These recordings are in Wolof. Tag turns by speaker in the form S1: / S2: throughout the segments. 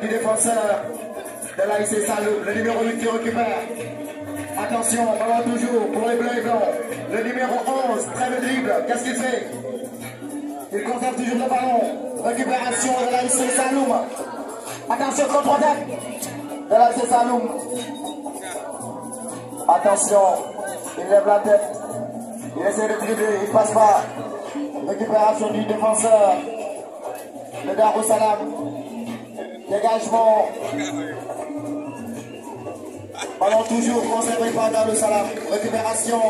S1: du défenseur de l'AIC Saloum, le numéro 8 qui récupère. Attention, voilà toujours pour les bleus et blancs. Le numéro 11, très le dribble, qu'est-ce qu'il fait Il conserve toujours le ballon. Récupération de l'AIC Saloum. Attention, contre-attaque de l'AIC Saloum. Attention, il lève la tête. Il essaie de dribbler, il passe pas. Récupération du défenseur. Le Darou Salam Dégagement. Ballon toujours conservé par Darussalam Récupération.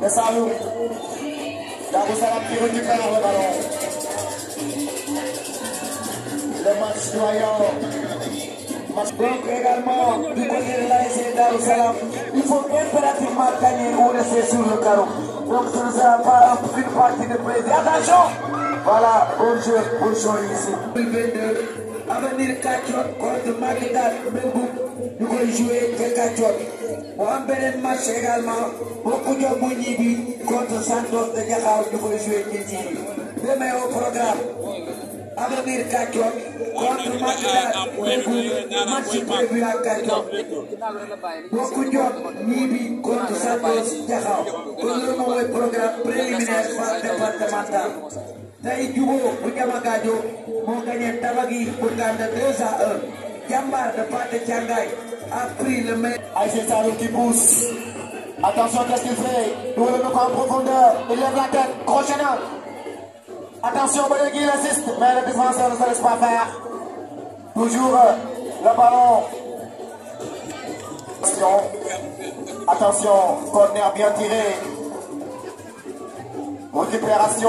S1: Le Salou. Darussalam Salam qui récupère le ballon. Le match doyen. Donc également, du côté de l'ASC Dalou Salam, il faut impérativement gagner ou rester sur le canon Donc ce ne sera pas une partie de plaisir. Attention voilà, bonjour, bonjour ici. 2022, avenir 4 contre Macky Mbengou, nous allons jouer 24 Mu am beneen match également bokku jox bu contre Santos de Diakhao nous allons jouer ci ci demee au programme avenir Kajoor contre Macky Sall Mbengou match prévu à Kajoor bokku jox contre Santos Diakhao kon loolu mooy programme préliminaire phase départementale tey Diogo bu Diamagadio moo gagné Tabagui 2 à 1 Diambar de Pathé Thiangaye a pris le main. Aïssé Salou qui pousse. Attention, qu'est-ce qu'il fait Doué le en profondeur. Il lève la tête. Crochenal. Attention, Bodegui, il assiste. Mais le défenseur ne se laisse pas faire. Toujours euh, le ballon. Attention. Attention, corner bien tiré. Récupération.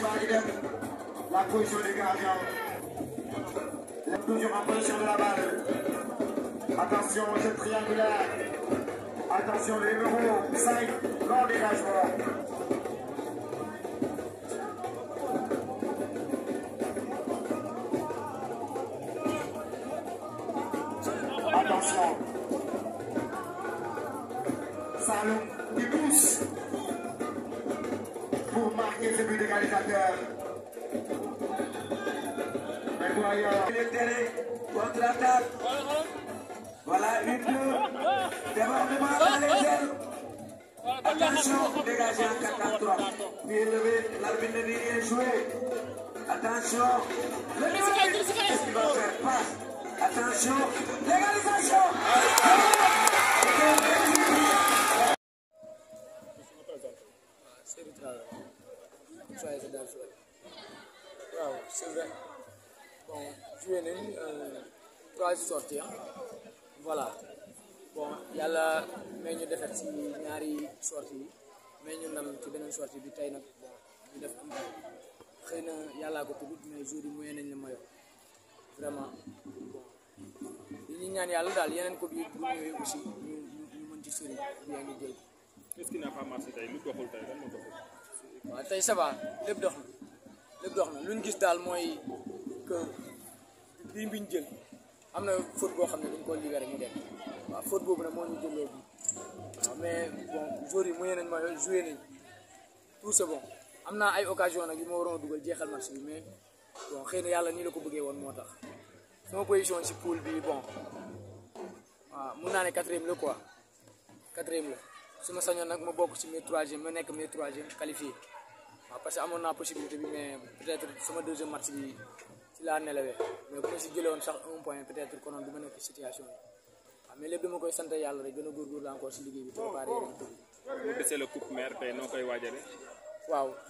S1: la position du gardien. Toujours en position de la balle. Attention, jeu triangulaire. Attention, les numéro 5, grand dégagement. Attention. Mwen k ° pek k a ad channel recit mi
S2: neuf la waaw c'est vrai bon joué nañ euh, trois sorties voilà bon yàlla may ñu defet ci ñaari sorties yi may ñu nam ci beneen sortie bi tey nag ñu def xëy na yàllaa ko tudd mais jour yi moyen nañ la mayoo vraiment bon li ñuy ñaan yàlla daal yeneen ko bi bu ñëwee aussi ñu ñu mën ci sori bi yaa ngi jël. qu'est-ce qui n'a pas lu doxul tey lan moo doxul. waaw tey ça lépp dox na dox na lu ñu gis daal mooy que bii bi ñu jël am na faute boo xam ne dañ ko libéré mu dem waaw faute boobu nag moo ñu jëloo bi mais bon joueurs yi moyen nañ ma joué nañ tout c'est am naa ay occasion nag yu ma waroon a dugal jeexal match bi mais bon xëy na yàlla nii la ko bëggee woon moo tax sama position si poule bi bon waaw mun naa ne quatrième la quoi quatrième la su ma sañoon nag ma bokk ci mes troisième ma nekk mes troisième qualifié waaw parce que amoon naa possibilité bi mais peut-être sama deuxième match bi ci laa nelawee mais bu si jëlee woon sax un point peut-être konoon du ma nekk situation waaw sant yàlla rek gën a si liggéey bi préparé yeneen tëb
S3: yi. mu dese la coupe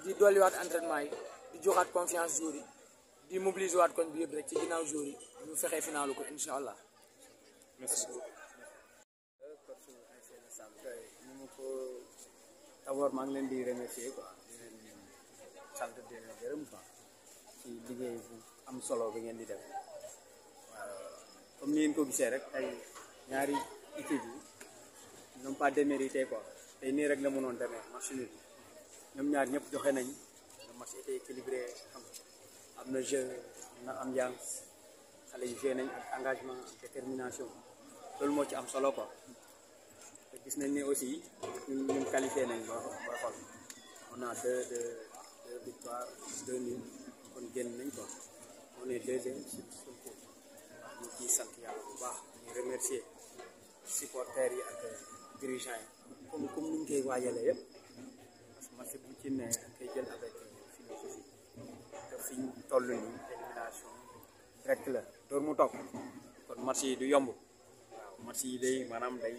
S2: di dolliwaat entraînement yi di joxaat confiance jour yi di mobilise waat koñ bi yëpp rek ci ginnaaw jour yi ñu fexe finaalu ko incha allah.
S3: d'abord maa ngi leen di remercier quoi di leen sant di leen gërëm quoi ci liggéey bu am solo bi ngeen di dem comme ni ngeen ko gisee rek ay ñaari équipe yi n'ont pas démérité quoi te nii rek la mënoon demee match nul ñoom ñaar ñëpp joxe nañ le match était équilibré xam am na jeu am na xale yi joué nañ ak engagement détermination loolu moo ci am solo ko gis nañ ne aussi ñun ñun qualifié nañ ba ba xool on a deux deux deux victoires deux nuls kon génn nañ ko on est deuxième sur suñu coup ñu ciy sant yàlla bu baax ñu remercier supporters yi ak dirigeants yi comme comme ni ñu koy waajalee yëpp parce que match bu ci ne koy jël avec philosophie te fi ñu toll nii élimination direct la door mu toog kon match yi du yomb waaw match yi day maanaam day